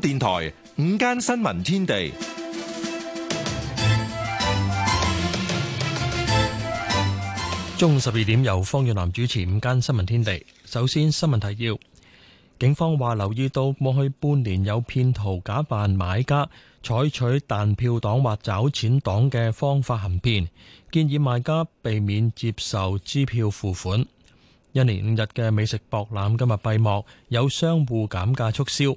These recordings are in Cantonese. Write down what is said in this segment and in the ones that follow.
電台午間新聞天地，中午十二點由方若男主持午間新聞天地。首先新聞提要：警方話留意到過去半年有騙徒假扮買家，採取彈票黨或找錢黨嘅方法行騙，建議買家避免接受支票付款。一連五日嘅美食博覽今日閉幕，有商戶減價促銷。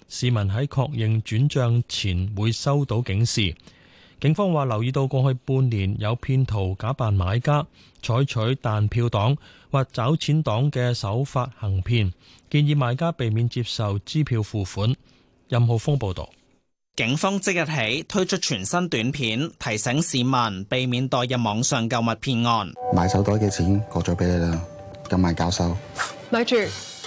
市民喺確認轉賬前會收到警示。警方話留意到過去半年有騙徒假扮買家，採取彈票黨或找錢黨嘅手法行騙，建議買家避免接受支票付款。任浩峰報導。警方即日起推出全新短片，提醒市民避免墮入網上購物騙案。買手袋嘅錢過咗俾你啦，今晚交收。咪住，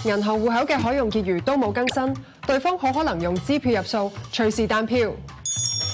銀行戶口嘅可用結餘都冇更新。對方好可能用支票入數，隨時單票，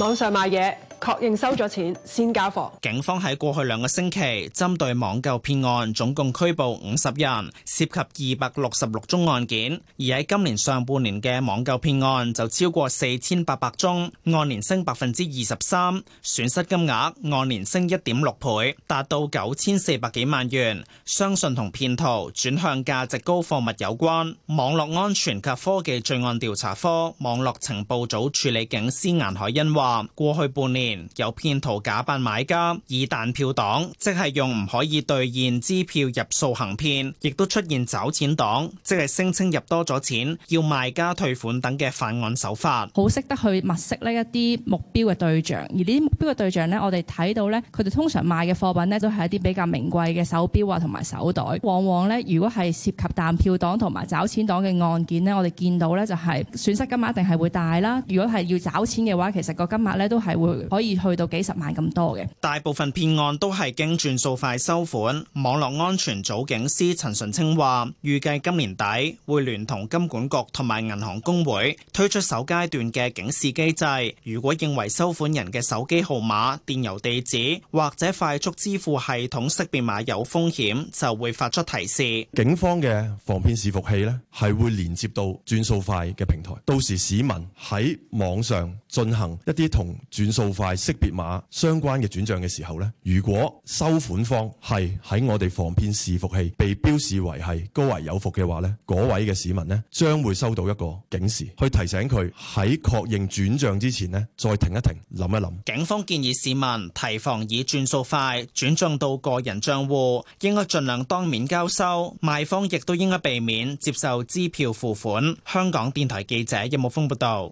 網上買嘢。確認收咗錢先交貨。警方喺過去兩個星期針對網購騙案，總共拘捕五十人，涉及二百六十六宗案件。而喺今年上半年嘅網購騙案就超過四千八百宗，按年升百分之二十三，損失金額按年升一點六倍，達到九千四百幾萬元。相信同騙徒轉向價值高貨物有關。網絡安全及科技罪案調查科網絡情報組處理警司顏海欣話：過去半年。有騙徒假扮買家以彈票黨，即係用唔可以兌現支票入數行騙，亦都出現找錢黨，即係聲稱入多咗錢要賣家退款等嘅犯案手法。好識得去物色呢一啲目標嘅對象，而呢啲目標嘅對象呢，我哋睇到呢，佢哋通常賣嘅貨品呢，都係一啲比較名貴嘅手錶啊同埋手袋。往往呢，如果係涉及彈票黨同埋找錢黨嘅案件呢，我哋見到呢，就係損失金額一定係會大啦。如果係要找錢嘅話，其實個金額呢，都係會可以去到幾十萬咁多嘅。大部分騙案都係經轉數快收款。網絡安全組警司陳順清話，預計今年底會聯同金管局同埋銀行工會推出首階段嘅警示機制。如果認為收款人嘅手機號碼、電郵地址或者快速支付系統識別碼有風險，就會發出提示。警方嘅防騙伺服器咧，係會連接到轉數快嘅平台。到時市民喺網上進行一啲同轉數快。係識別碼相關嘅轉賬嘅時候呢，如果收款方係喺我哋防騙伺服器被標示為係高危有伏嘅話呢，嗰位嘅市民呢，將會收到一個警示，去提醒佢喺確認轉賬之前呢，再停一停，諗一諗。警方建議市民提防以轉數快轉賬到個人賬戶，應該盡量當面交收。賣方亦都應該避免接受支票付款。香港電台記者任木峰報道。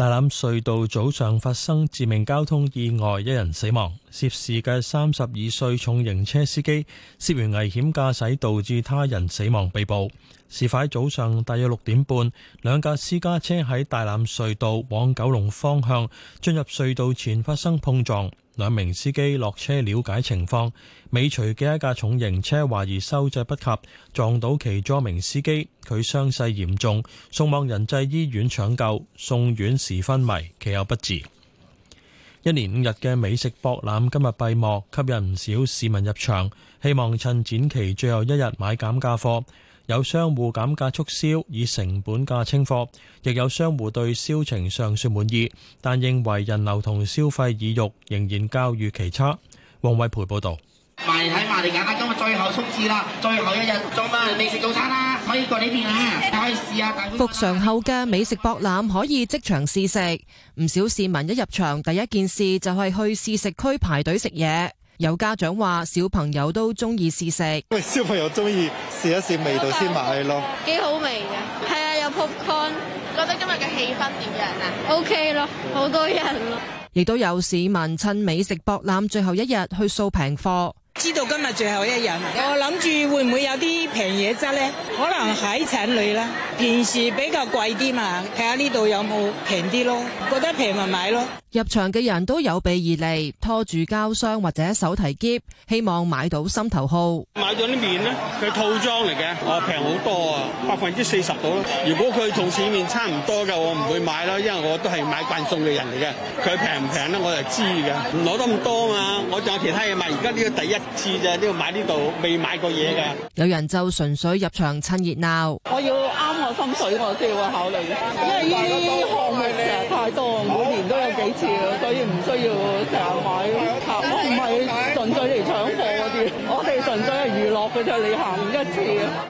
大欖隧道早上發生致命交通意外，一人死亡。涉事嘅三十二歲重型車司機涉嫌危險駕駛導致他人死亡被捕。事發早上大約六點半，兩架私家車喺大欖隧道往九龍方向進入隧道前發生碰撞。兩名司機落車了解情況，尾隨嘅一架重型車懷疑收掣不及，撞到其中一名司機，佢傷勢嚴重，送往仁濟醫院搶救，送院時昏迷，其後不治。一連五日嘅美食博覽今日閉幕，吸引唔少市民入場，希望趁展期最後一日買減價貨。有商戶減價促銷，以成本價清貨，亦有商戶對銷情尚算滿意，但認為人流同消費意欲仍然較預期差。王偉培報道。埋嚟睇埋嚟揀，今日最後衝刺啦，最後一日，做乜人未食早餐啊？可以過呢邊啊！試下啊！復常後嘅美食博覽可以即場試食，唔少市民一入場第一件事就係去試食區排隊食嘢。有家長話：小朋友都中意試食，喂，小朋友中意試一試味道先買咯，幾好味嘅，係啊，有 popcorn。覺得今日嘅氣氛點樣啊？OK 咯，好多人咯。亦都、嗯、有市民趁美食博覽最後一日去掃平貨。知道今日最後一日，我諗住會唔會有啲平嘢執咧？可能喺產裏啦，平時比較貴啲嘛，睇下呢度有冇平啲咯，覺得平咪買咯。入場嘅人都有備而嚟，拖住膠箱或者手提喼，希望買到心頭好。買咗啲麵咧，佢套裝嚟嘅，我平好多啊，百分之四十到咯。如果佢同市面差唔多嘅，我唔會買啦，因為我都係買慣送嘅人嚟嘅。佢平唔平咧，我就知嘅，唔攞得咁多嘛。我仲有其他嘢買，而家呢個第一次咋？呢度買呢度未買過嘢嘅。有人就純粹入場趁熱鬧，我我。我要啱我心水，我先會考慮。因為呢啲項目成日太多，每年都有幾次，所以唔需要成日買。我唔係純粹嚟搶貨嗰啲，我哋純粹係娛樂嘅啫。你行一次。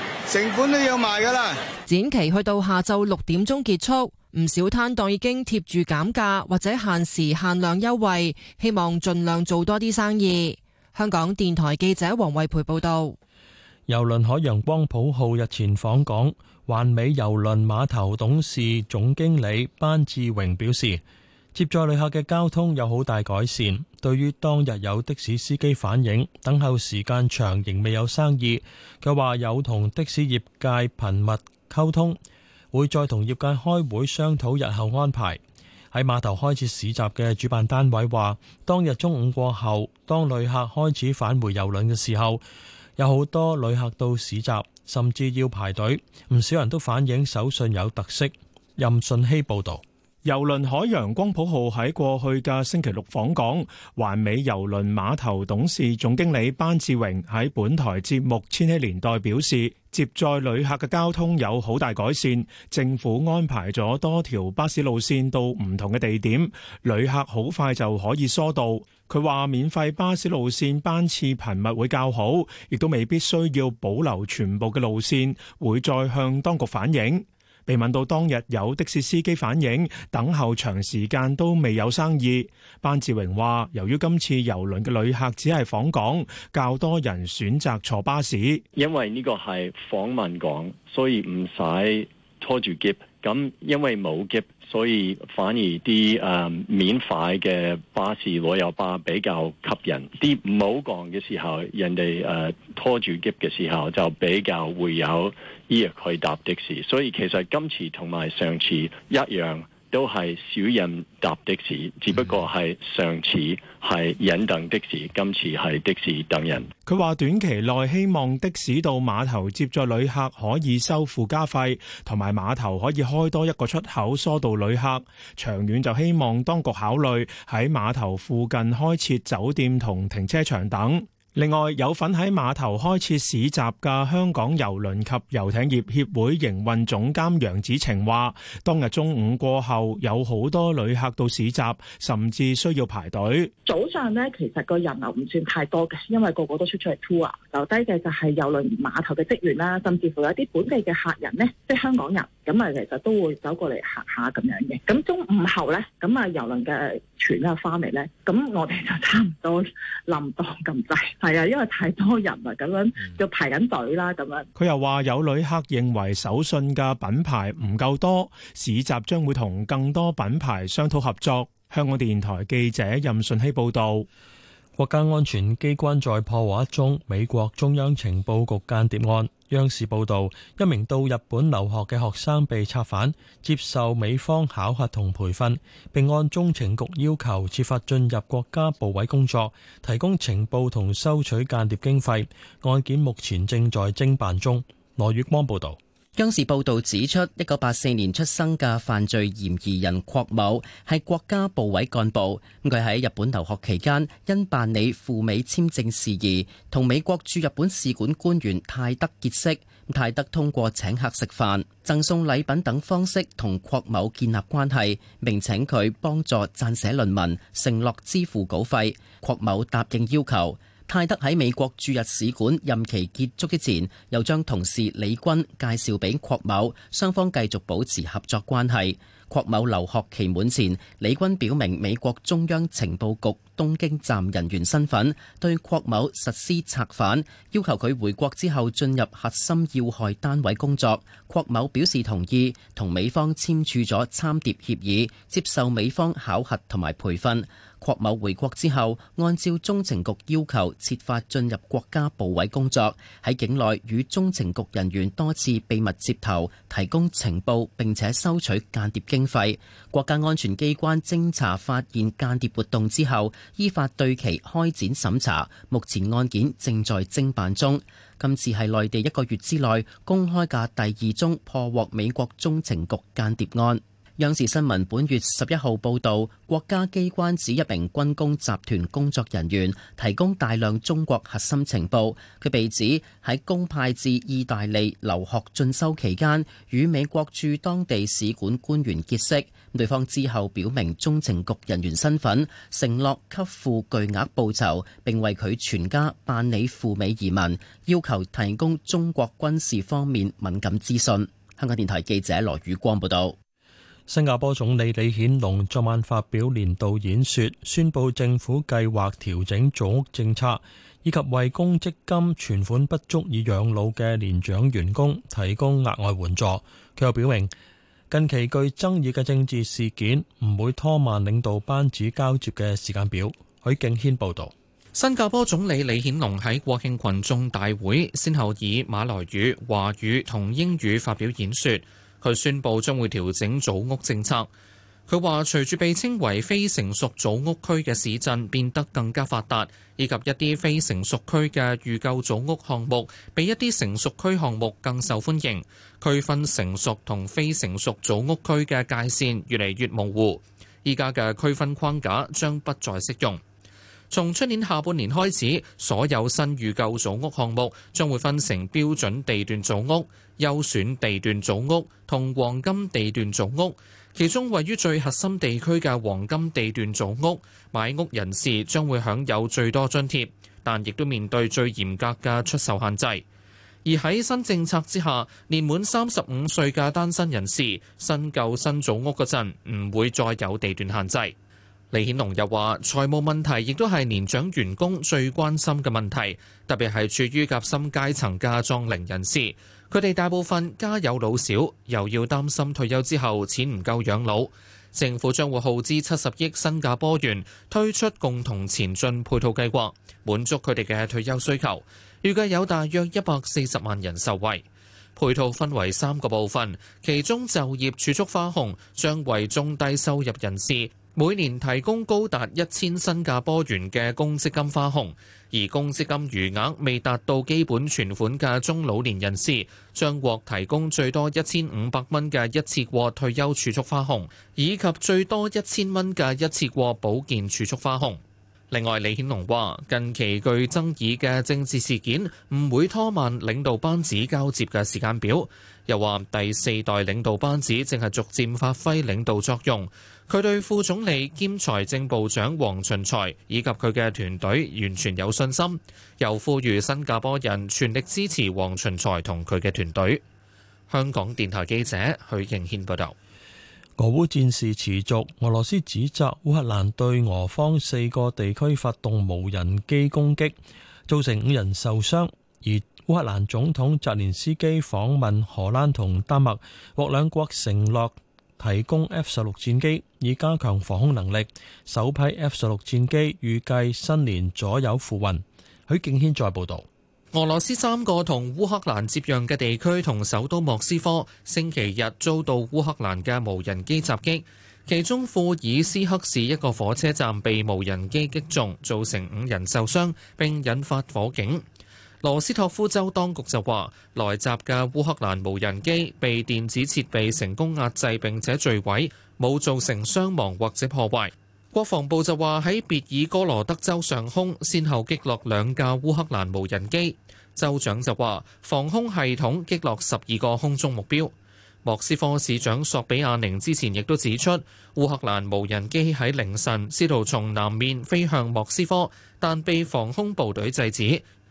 成本都有賣㗎啦！展期去到下晝六點鐘結束，唔少攤檔已經貼住減價或者限時限量優惠，希望盡量做多啲生意。香港電台記者王慧培報道。郵輪海洋光譜號日前訪港，環美郵輪碼頭董事總經理班志榮表示，接載旅客嘅交通有好大改善。對於當日有的士司機反映等候時間長，仍未有生意，佢話有同的士業界頻密溝通，會再同業界開會商討日後安排。喺碼頭開設市集嘅主辦單位話，當日中午過後，當旅客開始返回郵輪嘅時候，有好多旅客到市集，甚至要排隊。唔少人都反映手信有特色。任信希報導。郵輪海洋光譜號喺過去嘅星期六訪港，環美郵輪碼頭董事總經理班志榮喺本台節目《千禧年代》表示，接載旅客嘅交通有好大改善，政府安排咗多條巴士路線到唔同嘅地點，旅客好快就可以疏導。佢話免費巴士路線班次頻密會較好，亦都未必需要保留全部嘅路線，會再向當局反映。被問到當日有的士司機反映等候長時間都未有生意，班志榮話：由於今次郵輪嘅旅客只係訪港，較多人選擇坐巴士，因為呢個係訪問港，所以唔使拖住喼。咁因為冇喼。所以反而啲誒、嗯、免費嘅巴士旅遊巴比較吸引，啲唔好降嘅時候，人哋誒、呃、拖住喼嘅時候就比較會有依個去搭的士，所以其實今次同埋上次一樣。都係少人搭的士，只不過係上次係人等的士，今次係的士等人。佢話短期內希望的士到碼頭接載旅客可以收附加費，同埋碼頭可以開多一個出口疏導旅客。長遠就希望當局考慮喺碼頭附近開設酒店同停車場等。另外，有份喺碼頭開設市集嘅香港郵輪及遊艇業協會營運總監楊子晴話，當日中午過後有好多旅客到市集，甚至需要排隊。早上咧，其實個人流唔算太多嘅，因為個個都出出嚟 tour，留低嘅就係郵輪碼頭嘅職員啦，甚至乎有啲本地嘅客人呢，即係香港人，咁啊其實都會走過嚟行下咁樣嘅。咁中午後咧，咁啊郵輪嘅船咧翻嚟咧，咁我哋就差唔多冧檔咁滯。係啊，因為太多人啊，咁樣就排緊隊啦，咁樣。佢又話有旅客認為手信嘅品牌唔夠多，市集將會同更多品牌商討合作。香港電台記者任順希報導。國家安全機關在破獲一宗美國中央情報局間諜案。央視報道，一名到日本留學嘅學生被策反，接受美方考核同培訓，並按中情局要求設法進入國家部委工作，提供情報同收取間諜經費。案件目前正在偵辦中。羅月光報道。央視報道指出，一九八四年出生嘅犯罪嫌疑人郭某係國家部委幹部。佢喺日本留學期間，因辦理赴美簽證事宜，同美國駐日本使館官員泰德結識。泰德通過請客食飯、贈送禮品等方式同郭某建立關係，并請佢幫助撰寫論文，承諾支付稿費。郭某答應要求。泰德喺美國駐日使館任期結束之前，又將同事李軍介紹俾郭某，雙方繼續保持合作關係。郭某留學期滿前，李軍表明美國中央情報局東京站人員身份，對郭某實施策反，要求佢回國之後進入核心要害單位工作。郭某表示同意，同美方簽署咗參諜協議，接受美方考核同埋培訓。郭某回國之後，按照中情局要求，設法進入國家部委工作，喺境內與中情局人員多次秘密接頭，提供情報，並且收取間諜經費。國家安全機關偵查發現間諜活動之後，依法對其開展審查，目前案件正在偵辦中。今次係內地一個月之內公開嘅第二宗破獲美國中情局間諜案。央視新聞本月十一號報道，國家機關指一名軍工集團工作人員提供大量中國核心情報。佢被指喺公派至意大利留學進修期間，與美國駐當地使館官員結識。對方之後表明中情局人員身份，承諾給付巨額報酬，並為佢全家辦理赴美移民，要求提供中國軍事方面敏感資訊。香港電台記者羅宇光報道。新加坡總理李顯龍昨晚發表年度演說，宣佈政府計劃調整組屋政策，以及為公積金存款不足以養老嘅年長員工提供額外援助。佢又表明，近期具爭議嘅政治事件唔會拖慢領導班子交接嘅時間表。許敬軒報道。新加坡總理李顯龍喺國慶群眾大會先後以馬來語、華語同英語發表演說。佢宣布將會調整祖屋政策。佢話：隨住被稱為非成熟祖屋區嘅市鎮變得更加發達，以及一啲非成熟區嘅預購祖屋項目比一啲成熟區項目更受歡迎，區分成熟同非成熟祖屋區嘅界線越嚟越模糊。依家嘅區分框架將不再適用。從出年下半年開始，所有新預購祖屋項目將會分成標準地段祖屋。優選地段祖屋同黃金地段祖屋，其中位於最核心地區嘅黃金地段祖屋，買屋人士將會享有最多津貼，但亦都面對最嚴格嘅出售限制。而喺新政策之下，年滿三十五歲嘅單身人士新購新祖屋嗰陣，唔會再有地段限制。李顯龍又話財務問題亦都係年長員工最關心嘅問題，特別係處於夾心階層嘅壯齡人士。佢哋大部分家有老少，又要擔心退休之後錢唔夠養老。政府將會耗資七十億新加坡元推出共同前進配套計劃，滿足佢哋嘅退休需求。預計有大約一百四十萬人受惠。配套分為三個部分，其中就業儲蓄花紅將為中低收入人士。每年提供高達一千新加坡元嘅公積金花紅，而公積金餘額未達到基本存款嘅中老年人士將獲提供最多一千五百蚊嘅一次過退休儲蓄花紅，以及最多一千蚊嘅一次過保健儲蓄花紅。另外，李顯龍話近期具爭議嘅政治事件唔會拖慢領導班子交接嘅時間表，又話第四代領導班子正係逐漸發揮領導作用。佢對副總理兼財政部長黃循財以及佢嘅團隊完全有信心，又呼籲新加坡人全力支持黃循財同佢嘅團隊。香港電台記者許敬軒報導。俄烏戰事持續，俄羅斯指責烏克蘭對俄方四個地區發動無人機攻擊，造成五人受傷。而烏克蘭總統澤連斯基訪問荷蘭同丹麥，獲兩國承諾，提供 F 十六戰機以加強防空能力，首批 F 十六戰機預計新年左右付運。許敬軒再報道，俄羅斯三個同烏克蘭接壤嘅地區同首都莫斯科星期日遭到烏克蘭嘅無人機襲擊，其中庫爾斯克市一個火車站被無人機擊中，造成五人受傷，並引發火警。羅斯托夫州當局就話，來襲嘅烏克蘭無人機被電子設備成功壓制，並且墜毀，冇造成傷亡或者破壞。國防部就話喺別爾哥羅德州上空先後擊落兩架烏克蘭無人機。州長就話，防空系統擊落十二個空中目標。莫斯科市長索比亞寧之前亦都指出，烏克蘭無人機喺凌晨試圖從南面飛向莫斯科，但被防空部隊制止。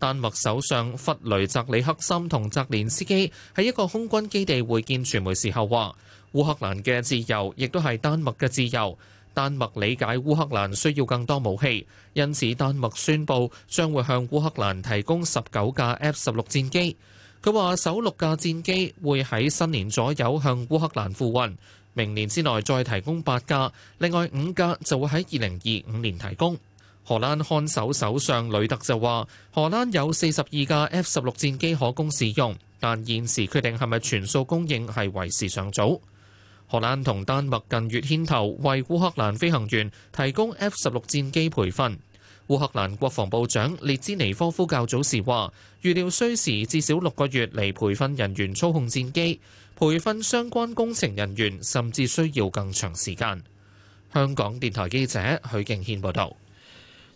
丹麥首相弗雷澤里克森同澤連斯基喺一個空軍基地會見傳媒時候話：烏克蘭嘅自由亦都係丹麥嘅自由。丹麥理解烏克蘭需要更多武器，因此丹麥宣布將會向烏克蘭提供十九架 F 十六戰機。佢話首六架戰機會喺新年左右向烏克蘭付運，明年之內再提供八架，另外五架就會喺二零二五年提供。荷蘭看守首相呂特就話：荷蘭有四十二架 F 十六戰機可供使用，但現時決定係咪全數供應係為時尚早。荷蘭同丹麥近月牽頭為烏克蘭飛行員提供 F 十六戰機培訓。烏克蘭國防部長列茲尼科夫較早時話，預料需時至少六個月嚟培訓人員操控戰機，培訓相關工程人員甚至需要更長時間。香港電台記者許敬軒報道。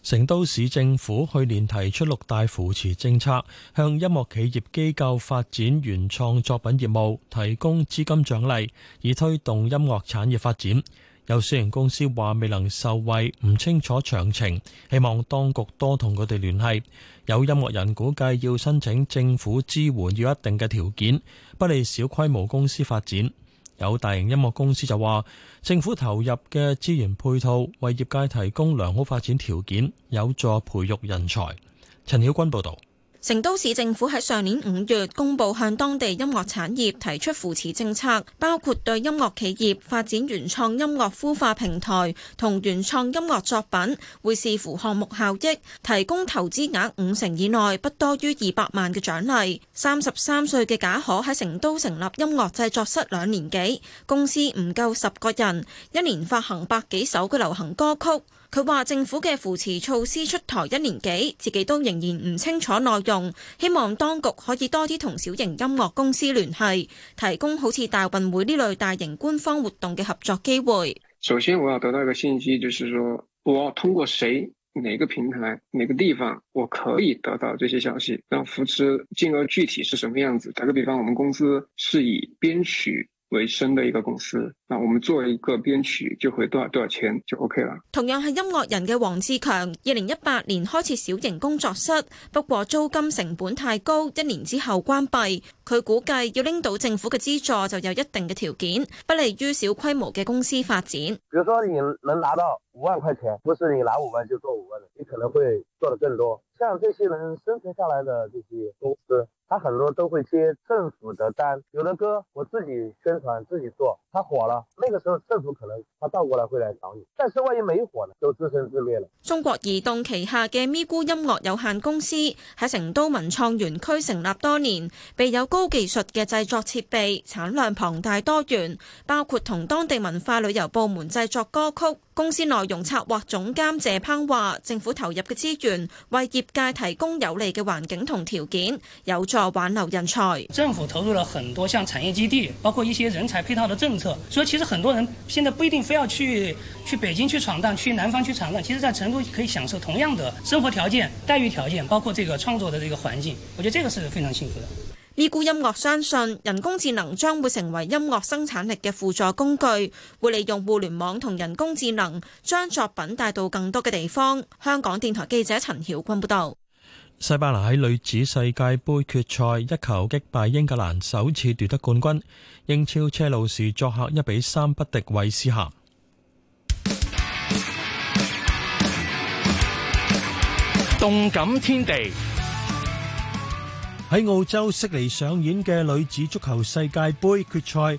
成都市政府去年提出六大扶持政策，向音樂企業機構發展原創作品業務提供資金獎勵，以推動音樂產業發展。有小型公司話未能受惠，唔清楚詳情，希望當局多同佢哋聯繫。有音樂人估計要申請政府支援，要一定嘅條件，不利小規模公司發展。有大型音樂公司就話，政府投入嘅資源配套，為業界提供良好發展條件，有助培育人才。陳曉君報導。成都市政府喺上年五月公布，向當地音樂產業提出扶持政策，包括對音樂企業發展原創音樂孵化平台同原創音樂作品，會視乎項目效益提供投資額五成以內不多於二百萬嘅獎勵。三十三歲嘅賈可喺成都成立音樂製作室兩年幾，公司唔夠十個人，一年發行百幾首嘅流行歌曲。佢話：政府嘅扶持措施出台一年幾，自己都仍然唔清楚內容。希望當局可以多啲同小型音樂公司聯繫，提供好似大運會呢類大型官方活動嘅合作機會。首先我要得到一個信息，就是說我要通過誰、哪個平台、哪個地方，我可以得到這些消息，然後扶持金額具體是什麼樣子？打個比方，我們公司是以編曲，為生的一個公司，那我們做一個編曲就會多少多少錢就 OK 啦。同樣係音樂人嘅黃志強，二零一八年開始小型工作室，不過租金成本太高，一年之後關閉。佢估計要拎到政府嘅資助就有一定嘅條件，不利於小規模嘅公司發展。比如說，你能拿到五萬塊錢，不是你拿五萬就做五萬，你可能會。做得更多，像這些人生存下來的這些公司，他很多都會接政府的單。有的歌我自己宣傳自己做，他火了，那個時候政府可能他倒過來會來找你。但是萬一沒火呢，就自生自滅了。中國移動旗下嘅咪咕音樂有限公司喺成都文創園區成立多年，備有高技術嘅製作設備，產量龐大多元，包括同當地文化旅遊部門製作歌曲。公司內容策劃總監謝攀話：，政府投入嘅資源。為業界提供有利嘅環境同條件，有助挽留人才。政府投入了很多像產業基地，包括一些人才配套的政策，所以其實很多人現在不一定非要去去北京去闖蕩，去南方去闖蕩，其實在成都可以享受同樣的生活條件、待遇條件，包括這個創作的這個環境，我覺得這個是非常幸福的。呢股音樂相信人工智能將會成為音樂生產力嘅輔助工具，會利用互聯網同人工智能將作品帶到更多嘅地方。香港電台記者陳曉君報導。西班牙喺女子世界盃決賽一球擊敗英格蘭，首次奪得冠軍。英超車路士作客一比三不敵韋斯咸。動感天地。喺澳洲悉尼上演嘅女子足球世界杯決賽。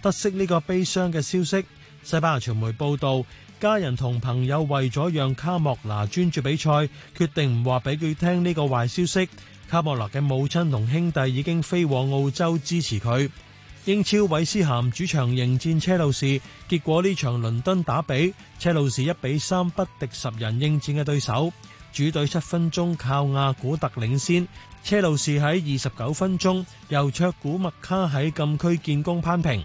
得悉呢個悲傷嘅消息，西班牙傳媒報道，家人同朋友為咗讓卡莫拿專注比賽，決定唔話俾佢聽呢個壞消息。卡莫拿嘅母親同兄弟已經飛往澳洲支持佢。英超韋斯咸主場迎戰車路士，結果呢場倫敦打比，車路士一比三不敵十人應戰嘅對手。主隊七分鐘靠亞古特領先，車路士喺二十九分鐘由卓古麥卡喺禁區建功，攀平。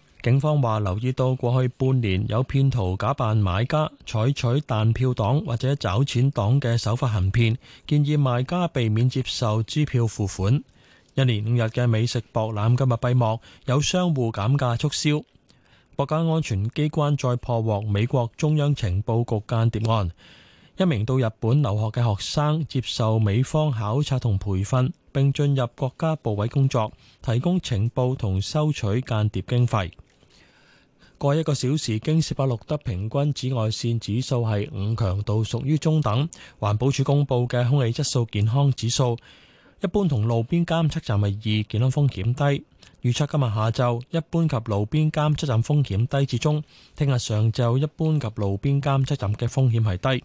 警方話留意到過去半年有騙徒假扮買家，採取彈票黨或者找錢黨嘅手法行騙，建議買家避免接受支票付款。一年五日嘅美食博覽今日閉幕，有商戶減價促銷。國家安全機關再破獲美國中央情報局間諜案，一名到日本留學嘅學生接受美方考察同培訓，並進入國家部委工作，提供情報同收取間諜經費。過去一個小時，京士柏錄得平均紫外線指數係五強度，屬於中等。環保署公布嘅空氣質素健康指數，一般同路邊監測站係二，健康風險低。預測今日下晝一般及路邊監測站風險低至中，聽日上晝一般及路邊監測站嘅風險係低。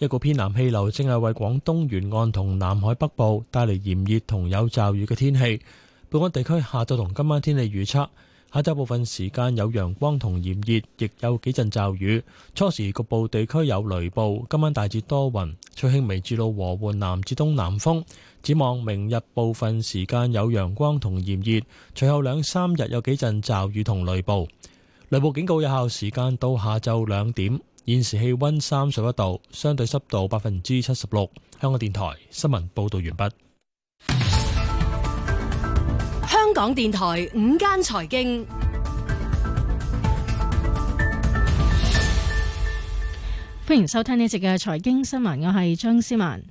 一股偏南氣流正係為廣東沿岸同南海北部帶嚟炎熱同有驟雨嘅天氣。本港地區下晝同今晚天氣預測。下晝部分時間有陽光同炎熱，亦有幾陣驟雨。初時局部地區有雷暴。今晚大致多雲，吹輕微至到和緩南至東南風。展望明日部分時間有陽光同炎熱，隨後兩三日有幾陣驟雨同雷暴。雷暴警告有效時間到下晝兩點。現時氣溫三十一度，相對濕度百分之七十六。香港電台新聞報道完畢。香港電台五間財經，歡迎收聽呢一節嘅財經新聞。我係張思曼。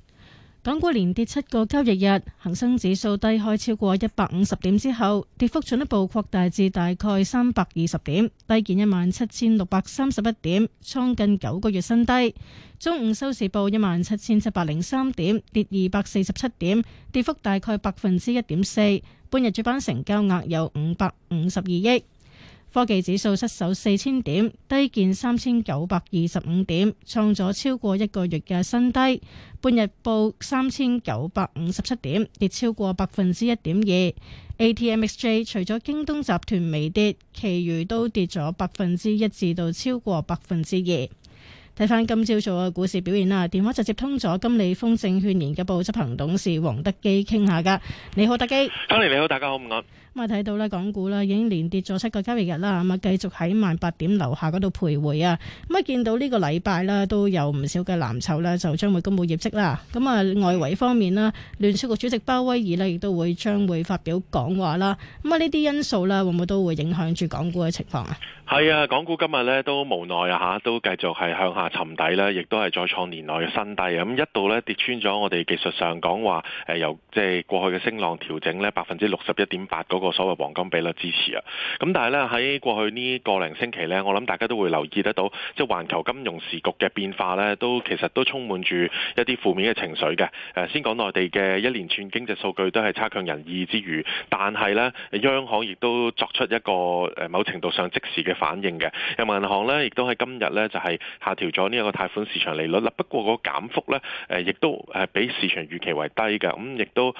港股連跌七個交易日，恒生指數低開超過一百五十點之後，跌幅進一步擴大至大概三百二十點，低見一萬七千六百三十一點，創近九個月新低。中午收市報一萬七千七百零三點，跌二百四十七點，跌幅大概百分之一點四。半日主板成交額有五百五十二億，科技指數失守四千點，低見三千九百二十五點，創咗超過一個月嘅新低。半日報三千九百五十七點，跌超過百分之一點二。ATMXJ 除咗京東集團微跌，其餘都跌咗百分之一至到超過百分之二。睇翻今朝早嘅股市表現啦，電話就接通咗金利豐證券研究部執行董事黃德基傾下㗎。你好，德基。早唻，你好，大家好唔好？咁啊睇到啦，港股啦已經連跌咗七個交易日啦，咁啊繼續喺萬八點樓下嗰度徘徊啊。咁啊見到呢個禮拜啦，都有唔少嘅藍籌啦，就將會公布業績啦。咁啊外圍方面啦，聯儲局主席鮑威爾呢，亦都會將會發表講話啦。咁啊呢啲因素啦，會唔會都會影響住港股嘅情況啊？係啊，港股今日呢都無奈啊嚇，都繼續係向下沉底啦，亦都係再創年內嘅新低。咁一度呢，跌穿咗我哋技術上講話誒由即係過去嘅升浪調整呢，百分之六十一點八個所謂黃金比率支持啊，咁但係咧喺過去呢個零星期呢，我諗大家都會留意得到，即係環球金融時局嘅變化呢，都其實都充滿住一啲負面嘅情緒嘅。誒先講內地嘅一連串經濟數據都係差強人意之餘，但係呢，央行亦都作出一個誒某程度上即時嘅反應嘅。人民銀行呢，亦都喺今日呢，就係、是、下調咗呢一個貸款市場利率啦。不過個減幅呢，誒亦都誒比市場預期為低嘅，咁亦都誒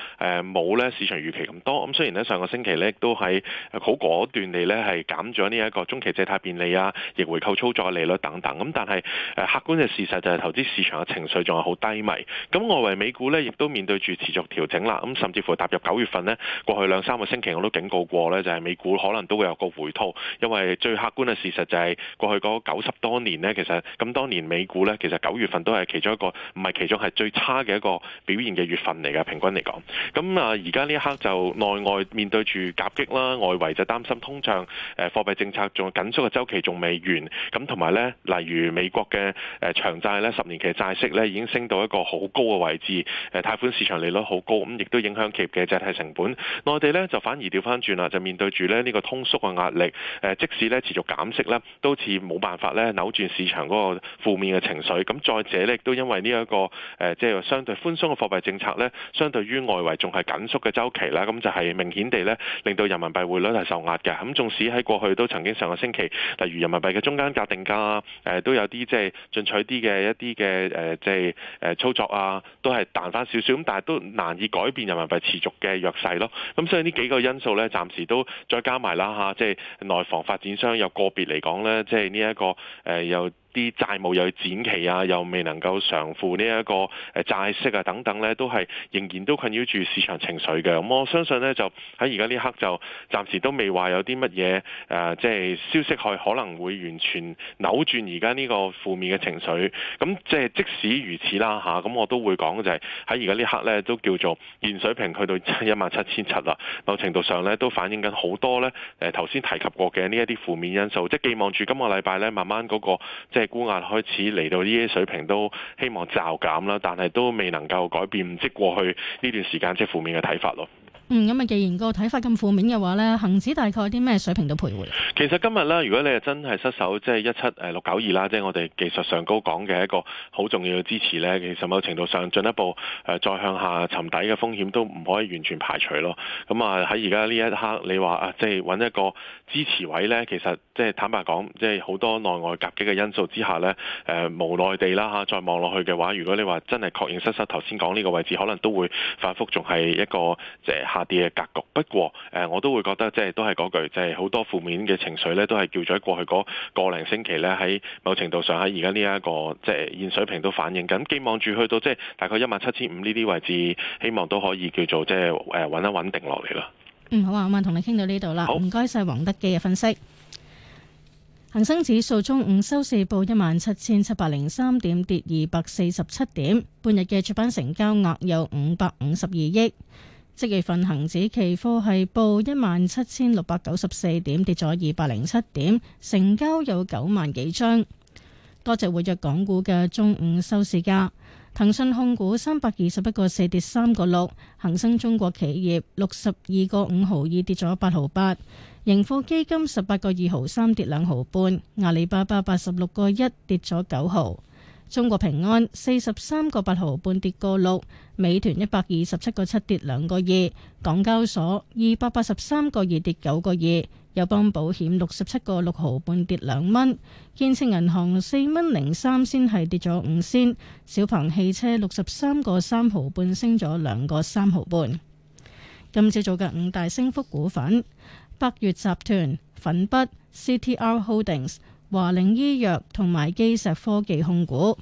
冇呢市場預期咁多。咁雖然呢，上個星期，都係好果斷地咧，係減咗呢一個中期借貸便利啊、逆回購操作利率等等。咁但係客觀嘅事實就係投資市場嘅情緒仲係好低迷。咁外圍美股呢，亦都面對住持續調整啦。咁甚至乎踏入九月份呢，過去兩三個星期我都警告過呢，就係美股可能都會有個回吐。因為最客觀嘅事實就係過去嗰九十多年呢，其實咁多年美股呢，其實九月份都係其中一個唔係其中係最差嘅一個表現嘅月份嚟嘅，平均嚟講。咁啊，而家呢一刻就內外面對住。如夾擊啦，外圍就擔心通脹，誒貨幣政策仲緊縮嘅周期仲未完，咁同埋呢，例如美國嘅誒長債咧，十年期債息咧已經升到一個好高嘅位置，誒貸款市場利率好高，咁亦都影響企業嘅借貸成本。內地呢，就反而調翻轉啦，就面對住咧呢個通縮嘅壓力，誒即使咧持續減息咧，都似冇辦法咧扭轉市場嗰個負面嘅情緒。咁再者呢，亦都因為呢、這、一個誒即係相對寬鬆嘅貨幣政策咧，相對於外圍仲係緊縮嘅周期啦，咁就係明顯地呢。令到人民幣匯率係受壓嘅，咁縱使喺過去都曾經上個星期，例如人民幣嘅中間價定價，誒、呃、都有啲即係進取啲嘅一啲嘅誒即係誒操作啊，都係彈返少少，咁但係都難以改變人民幣持續嘅弱勢咯。咁、嗯、所以呢幾個因素咧，暫時都再加埋啦嚇，即係內房發展商有個別嚟講咧，即係呢一個誒又。呃啲債務又展期啊，又未能夠償付呢一個誒債息啊，等等咧，都係仍然都困擾住市場情緒嘅。咁我相信咧，就喺而家呢刻就暫時都未話有啲乜嘢誒即係消息去可能會完全扭轉而家呢個負面嘅情緒，咁即係即，即使如此啦、啊、吓，咁、啊、我都會講就係喺而家呢刻咧，都叫做現水平去到一萬七千七啦。某程度上咧，都反映緊好多咧誒頭先提及過嘅呢一啲負面因素。即係寄望住今個禮拜咧，慢慢嗰、那個即係。沽壓開始嚟到呢啲水平都希望驟減啦，但係都未能夠改變。即過去呢段時間，即負面嘅睇法咯。嗯，咁啊，既然個睇法咁負面嘅話咧，恒指大概啲咩水平度徘徊？其實今日咧，如果你係真係失守，即係一七誒六九二啦，即係我哋技術上高講嘅一個好重要嘅支持咧，其實某程度上進一步誒再向下沉底嘅風險都唔可以完全排除咯。咁啊，喺而家呢一刻，你話啊，即係揾一個支持位咧，其實即係坦白講，即係好多內外夾擊嘅因素之下咧，誒無奈地啦吓，再望落去嘅話，如果你話真係確認失失頭先講呢個位置，可能都會反覆仲係一個誒。下跌嘅格局，不過誒、呃，我都會覺得即係都係嗰句，即係好多負面嘅情緒咧，都係叫咗過去嗰個零星期呢喺某程度上喺而家呢一個即係現水平都反映緊，寄望住去到即係大概一萬七千五呢啲位置，希望都可以叫做即係誒穩一穩定落嚟啦。嗯，好啊，咁啊，同你傾到呢度啦。好，唔該晒黃德基嘅分析。恒生指數中午收市報一萬七千七百零三點，跌二百四十七點。半日嘅主板成交額有五百五十二億。即月份恒指期貨係報一萬七千六百九十四點，跌咗二百零七點，成交有九萬幾張。多隻活躍港股嘅中午收市價，騰訊控股三百二十一個四跌三個六，恒生中國企業六十二個五毫二跌咗八毫八，盈富基金十八個二毫三跌兩毫半，阿里巴巴八十六個一跌咗九毫。中國平安四十三個八毫半跌個六，美團一百二十七個七跌兩個二，港交所二百八十三個二跌九個二，友邦保險六十七個六毫半跌兩蚊，建設銀行四蚊零三先係跌咗五仙，小鵬汽車六十三個三毫半升咗兩個三毫半。今朝早嘅五大升幅股份：百悦集團、粉筆、C T R Holdings。華寧醫藥同埋基石科技控股，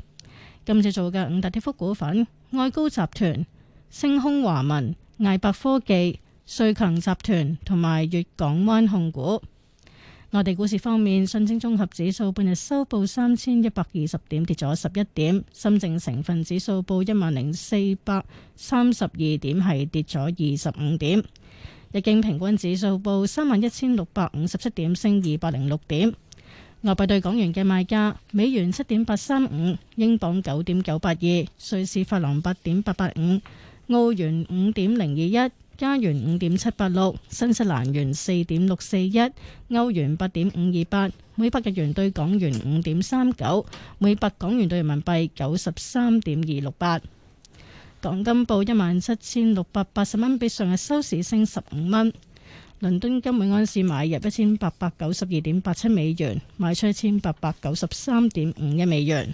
今次做嘅五大跌幅股份：愛高集團、星空華文、艾白科技、瑞強集團同埋粵港灣控股。內地股市方面，上證綜合指數半日收報三千一百二十點，跌咗十一點；深圳成分指數報一萬零四百三十二點，係跌咗二十五點；日經平均指數報三萬一千六百五十七點，升二百零六點。外幣對港元嘅賣價：美元七點八三五，英鎊九點九八二，瑞士法郎八點八八五，澳元五點零二一，加元五點七八六，新西蘭元四點六四一，歐元八點五二八，每百日元對港元五點三九，每百港元對人民幣九十三點二六八。港金報一萬七千六百八十蚊，比上日收市升十五蚊。倫敦金每安士買入一千八百九十二點八七美元，賣出一千八百九十三點五一美元。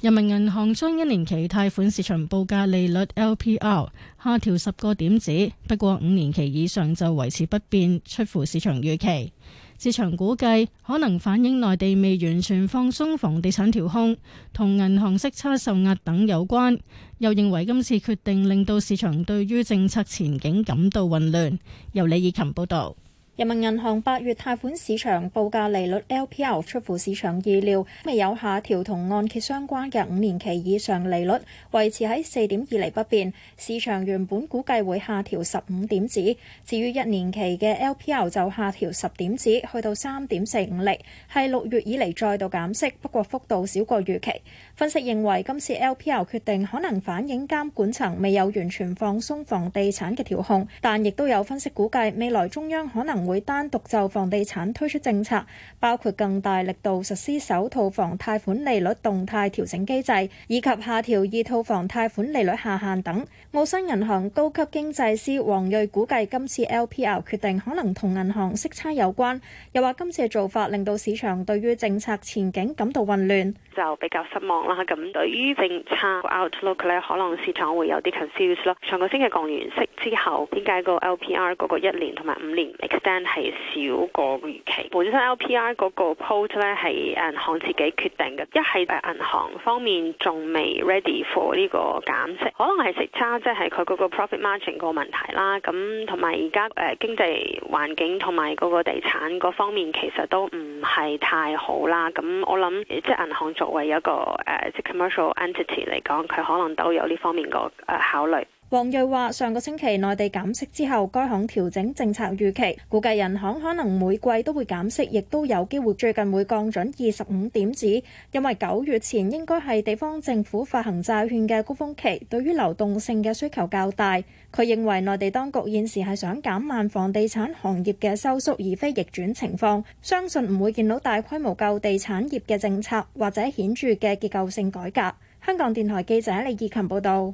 人民銀行將一年期貸款市場報價利率 LPR 下調十個點子，不過五年期以上就維持不變，出乎市場預期。市場估計可能反映內地未完全放鬆房地產調控，同銀行息差受壓等有關，又認為今次決定令到市場對於政策前景感到混亂。由李以琴報道。人民銀行八月貸款市場報價利率 LPR 出乎市場意料，未有下調同按揭相關嘅五年期以上利率，維持喺四點二釐不變。市場原本估計會下調十五點子，至於一年期嘅 LPR 就下調十點子，去到三點四五厘。係六月以嚟再度減息，不過幅度少過預期。分析認為今次 LPR 決定可能反映監管層未有完全放鬆房地產嘅調控，但亦都有分析估計未來中央可能會單獨就房地產推出政策，包括更大力度實施首套房貸款利率動態調整機制，以及下調二套房貸款利率下限等。澳新銀行高級經濟師黃瑞估計今次 LPR 決定可能同銀行息差有關，又話今次嘅做法令到市場對於政策前景感到混亂，就比較失望。咁對於政策 outlook 咧，可能市場會有啲 confused 咯。上個星期降完息之後，點解個 LPR 嗰個一年同埋五年 extend 係少過預期？本身 LPR 嗰個 post 咧係銀行自己決定嘅，一係誒銀行方面仲未 ready for 呢個減息，可能係息差即係佢嗰個 profit margin 個問題啦。咁同埋而家誒經濟環境同埋嗰個地產嗰方面其實都唔係太好啦。咁我諗、呃、即係銀行作為一個誒。呃誒，即 commercial entity 嚟講，佢可能都有呢方面個誒考慮。王睿話，上個星期內地減息之後，該行調整政策預期，估計人行可能每季都會減息，亦都有機會最近會降準二十五點子。因為九月前應該係地方政府發行債券嘅高峰期，對於流動性嘅需求較大。佢認為內地當局現時係想減慢房地產行業嘅收縮而非逆轉情況，相信唔會見到大規模救地產業嘅政策或者顯著嘅結構性改革。香港電台記者李義勤報道。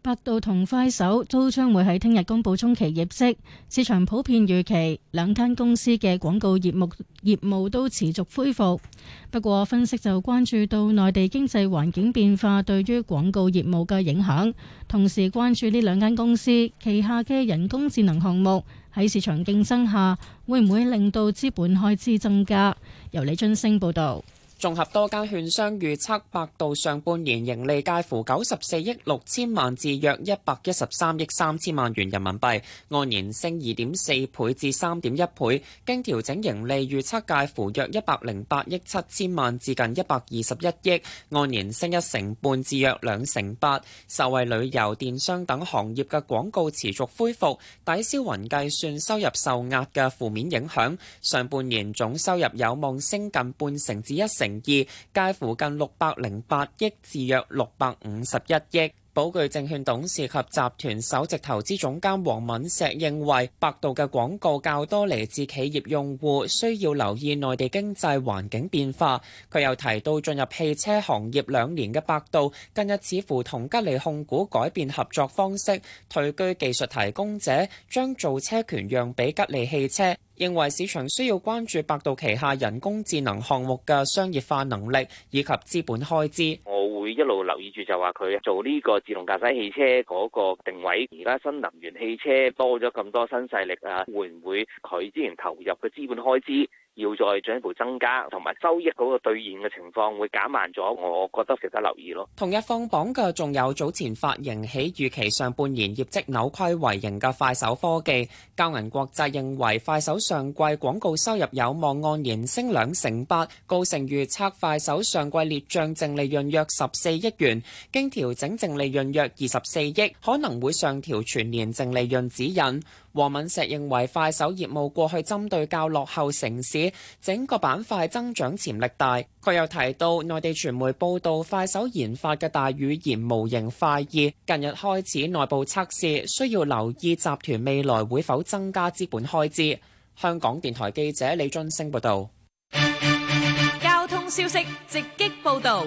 百度同快手都將會喺聽日公布中期業績，市場普遍預期兩間公司嘅廣告業務業務都持續恢復。不過分析就關注到內地經濟環境變化對於廣告業務嘅影響，同時關注呢兩間公司旗下嘅人工智能項目喺市場競爭下會唔會令到資本開支增加。由李俊升報道。綜合多家券商預測，百度上半年盈利介乎九十四億六千萬至約一百一十三億三千萬元人民幣，按年升二點四倍至三點一倍。經調整盈利預測介乎約一百零八億七千萬至近一百二十一億，按年升一成半至約兩成八。受惠旅遊、電商等行業嘅廣告持續恢復，抵消雲計算收入受壓嘅負面影響，上半年總收入有望升近半成至一成。二介乎近六百零八億至約六百五十一億。寶具證券董事及集團首席投資總監黃敏石認為，百度嘅廣告較多嚟自企業用戶，需要留意內地經濟環境變化。佢又提到，進入汽車行業兩年嘅百度，近日似乎同吉利控股改變合作方式，退居技術提供者，將造車權讓俾吉利汽車。認為市場需要關注百度旗下人工智能項目嘅商業化能力以及資本開支。我會一路留意住，就話佢做呢個自動駕駛汽車嗰個定位。而家新能源汽車多咗咁多新勢力啊，會唔會佢之前投入嘅資本開支要再進一步增加，同埋收益嗰個兌現嘅情況會減慢咗，我覺得值得留意咯。同日放榜嘅仲有早前發盈喜預期上半年業績扭虧為盈嘅快手科技。交銀國際認為快手上季廣告收入有望按年升兩成八，高盛預測快手上季列帳淨利潤約十四億元，經調整淨利潤約二十四億，可能會上調全年淨利潤指引。黃敏石認為快手業務過去針對較落後城市，整個板塊增長潛力大。佢又提到，內地傳媒報道快手研發嘅大語言模型快意近日開始內部測試，需要留意集團未來會否增加資本開支。香港電台記者李俊升報道。交通消息直擊報道。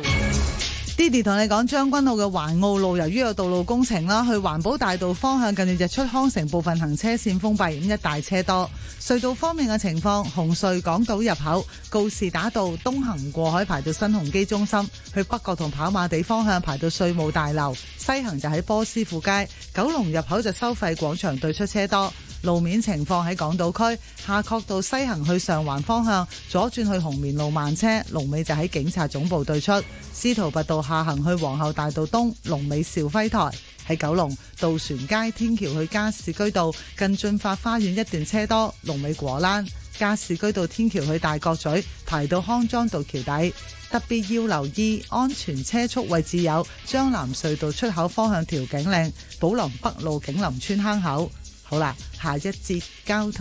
Didi 同你講，將軍澳嘅環澳路由於有道路工程啦，去環保大道方向近日日出康城部分行車線封閉，咁一大車多。隧道方面嘅情況，紅隧港島入口告士打道東行過海排到新鴻基中心，去北角同跑馬地方向排到稅務大樓，西行就喺波斯富街，九龍入口就收費廣場對出車多。路面情況喺港島區夏慤道西行去上環方向左轉去紅棉路慢車，龍尾就喺警察總部對出；司徒拔道下行去皇后大道東，龍尾肇輝臺。喺九龍渡船街天橋去加士居道近進發花園一段車多，龍尾果欄；加士居道天橋去大角咀排到康莊道橋底，特別要留意安全車速位置有將藍隧道出口方向調景嶺、寶琳北路景林村坑口。好啦，下一節交通。